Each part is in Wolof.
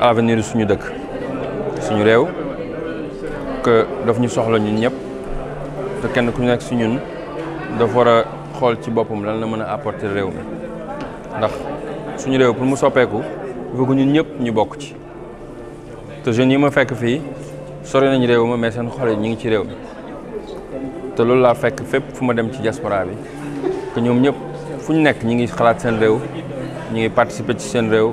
avenir suñu dëkk suñu réew que daf ñu soxla ñun ñëpp te kenn ku nekk si ñun dafa war a xool ci boppam lan la mën a apporter réew mi ndax suñu réew pour mu soppeeku bëgg ñun ñëpp ñu bokk ci te jeunes yi ma fekk fii sori nañu réew ma mais seen xol yi ñu ngi ci réew mi te loolu laa fekk fépp fu ma dem ci diaspora bi que ñoom ñëpp fu ñu nekk ñi ngi xalaat seen réew ñi ngi participer ci seen réew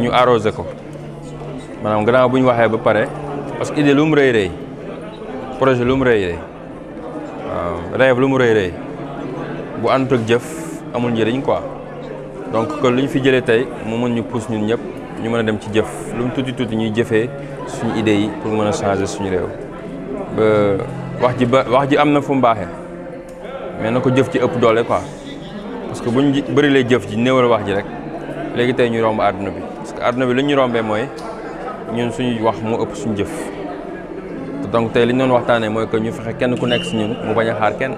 ñu arrosé ko maanaam gannaaw bu ñu waxee ba pare parce que idée lu mu rëy rëy projet lu mu rëy rëy waaw lu mu rëy rëy bu àndut ak jëf amul njëriñ quoi donc kon lu ñu fi jëlee tey mu mën ñu pousse ñun ñëpp ñu mën a dem ci jëf lu mu tuuti tuuti ñuy jëfee suñu idées yi pour mën a changer suñu réew wax ji ba wax ji am na fu mu baaxee mais na ko jëf ci ëpp doole quoi parce que buñ bërilee lay jëf ji néewal wax ji rek léegi tey ñu romb àdduna bi àdduna bi li ñu rombee mooy ñun suñuy wax moo ëpp suñu jëf donc tey li ñu doon waxtaanee mooy que ñu fexe kenn ku nekk si ñun mu bañ a xaar kenn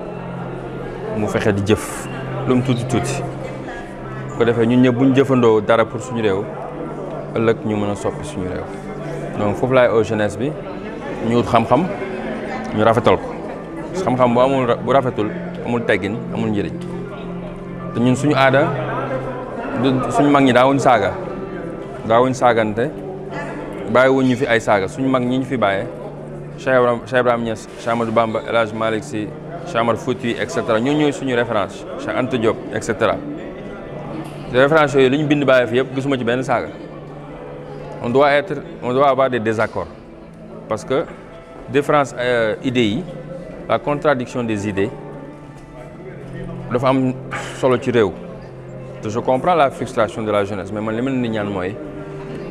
mu fexe di jëf lu mu tuuti tuuti ko defee ñun ñëpp bu ñu jëfandoo dara pour suñu réew ëllëg ñu mën a soppi suñu réew donc foofu lay au bi ñu wut xam-xam ñu rafetal ko xam-xam bu amul bu rafetul amul teggin amul njëriñ te ñun suñu aada suñu mag ñi daawuñ saaga. daawuñ saagante bàyyiwuñ ñu fi ay saga suñu mag ñi fi bàyyee Cheikh Ibrahim Niass Cheikh Amadou Bamba El Hadj Malick Sy Cheikh Omar Foutiyou et cetera ñoo ñoy suñu référence Cheikh Anta Diop et cetera te référence yooyu li bind bàyyee fi yépp gisuma ci benn saga on doit être on doit avoir des désaccords parce que différence euh, idées yi la contradiction des idées dafa am solo ci réew je comprends la frustration de la jeunesse mais man limen ma ñaan moy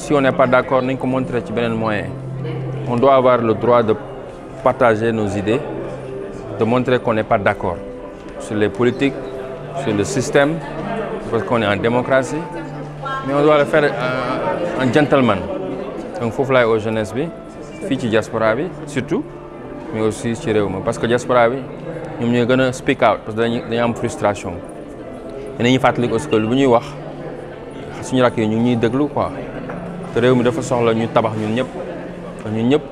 si on n'est pas d'accord montrer on doit avoir le droit de partager nos idées de montrer qu'on n'est pas d'accord sur les politiques sur le système parce qu'on est en démocratie mais on doit le faire euh, en gentleman donc jeunesse diaspora surtout mais aussi sur parce que diaspora bi speak out parce qu'il y a une frustration. et que nous ñuy te réew mi dafa soxla ñu tabax ñun ñëpp ñun ñëpp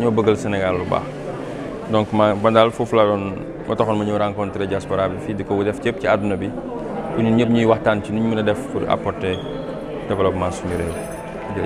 ñoo bëggal Sénégal lu baax donc ma ba daal foofu la doon moo taxoon ma ñëw rencontré diaspora bi fii di ko def cëpp ci àdduna bi pour ñun ñëpp ñuy waxtaan ci ni ñu mën a def pour apporter développement suñu réew